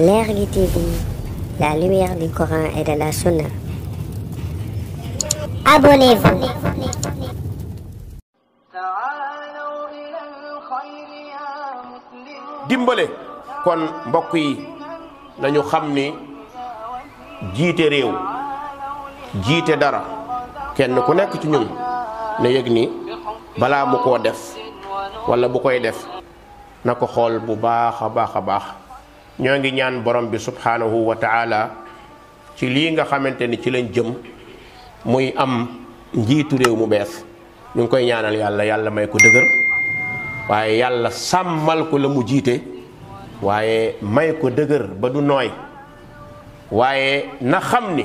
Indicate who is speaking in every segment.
Speaker 1: L'air TV, la lumière du Coran et de la Sunna. Abonnez-vous. dimbale kon mbokk yi nañu xam ni jiite réew jiite dara kenn ku nekk ci ñun na yëg ni balaa mu koo def walla bu koy def na ko xool bu baax a baax a baax. ñoo ngi ñaan borom bi subhaanahu wa taala ci lii nga xamante ni ci lañ jëm muy am njiitu réew mu bees ñu ngi koy ñaanal yàlla yàlla may ko dëgër waaye yàlla sàmmal ko la mu jiite waaye may ko dëgër ba du nooy waaye na xam ni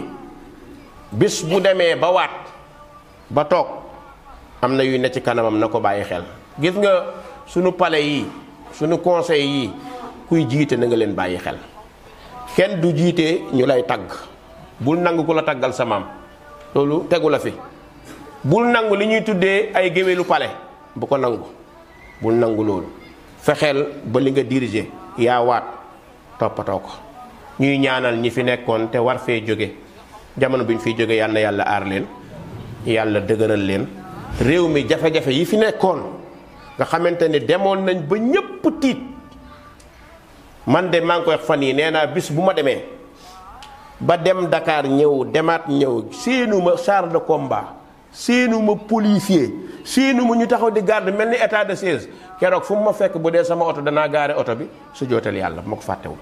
Speaker 1: bis bu demee ba waat ba toog am na yuy ne ci kanamam na ko bàyyi xel gis nga sunu palais yi sunu conseil yi kuy jiite na nga leen bàyyi xel kenn du jiite ñu lay tagg bul nangu ku la taggal sa maam loolu tegu la fi bul nangu li ñuy tuddee ay géwélu pale bu ko nangu bul nangu loolu fexeel ba li nga diriger yaa waat toppatoo ko ñuy ñaanal ñi fi nekkoon te war fee jóge jamono bi ñu fiy jóge yàlla yàlla aar leen yàlla dëgëral leen réew mi jafe-jafe yi fi nekkoon nga xamante ne demoon nañ ba ñépp tiit man de maa ngi koy fan yi nee naa bis bu ma demee ba dem Dakar ñëw demaat ñëw seenu ma char de combat seenu ma policier séenu ma ñu taxaw di garde mel ni état de siège keroog fu mu ma fekk bu dee sama oto danaa gaare oto bi su jootal yàlla bu ma ko fàttewul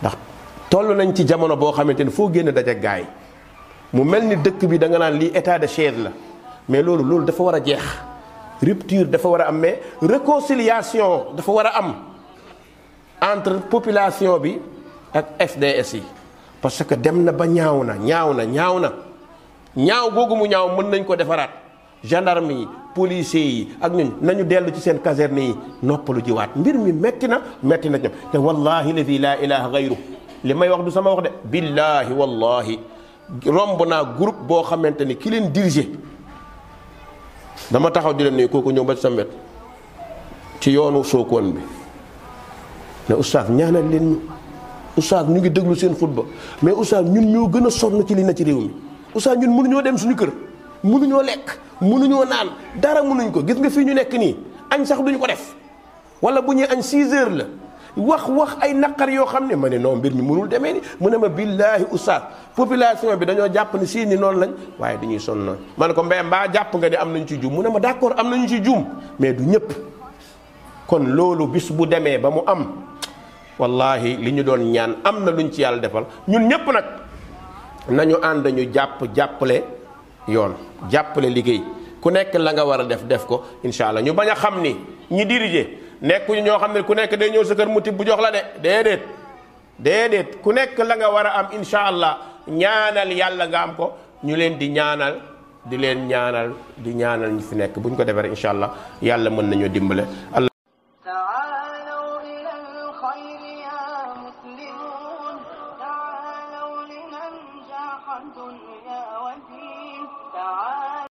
Speaker 1: ndax toll nañ ci jamono boo xamante ni foo génn daje gaay mu mel ni dëkk bi da nga naan lii état de siège la mais loolu loolu dafa war a jeex rupture dafa war a am mais réconciliation dafa war a am. entre population bi ak FDS yi parce que dem na ba ñaaw na ñaaw na ñaaw na ñaaw googu mu ñaaw mën nañ ko defaraat gendarme yi policiers yi ak ñu nañu dellu ci seen caserne yi noppalu jiwaat mbir mi metti na metti na ñoom te wallahi la fii laa ilaha gayru li may wax du sama wax de billahi wallahi romb naa groupe boo xamante ni ki leen dirigé dama taxaw di leen nuyu kooku ñëw ba ci sama wet ci yoonu sookoon bi ne oustaz ñaanal leen ñu ñu ngi déglu seen xutba mais oustaz ñun ñoo gën a sonn ci li na ci réew mi oustaz ñun mënuñoo dem suñu kër munuñoo lekk mënuñoo naan dara mënuñ ko gis nga fii ñu nekk nii añ sax duñu ko def wala bu ñuy añ 6 heures la wax wax ay naqar yoo xam ne ma ne non mbir mi munul demee ni mu ne ma billaahi oustaz population bi dañoo jàpp ne sii ni noonu lañ waaye dañuy sonn noonu ma ne ko mbéy mbaa jàpp nga ne am nañ ci juum mu ne ma d' accord am nañu ci juum mais du ñëpp kon loolu bis demee ba mu am wallahi li ñu doon ñaan am na lu luñ ci yàlla defal ñun ñépp nag nañu ànd ñu jàpp jàppale yoon jàppale liggéey ku nekk la nga war a def def ko incha allah ñu bañ a xam ni ñi dirigé nekkuñu ñoo xam ne ku nekk day ñëw sa kër mu tibb bu jox la de déedéet déedéet ku nekk la nga war a am incha allah ñaanal yàlla nga am ko ñu leen di ñaanal di leen ñaanal di ñaanal ñi fi nekk bu ñu ko defee incha allah yàlla mën nañoo dimbale.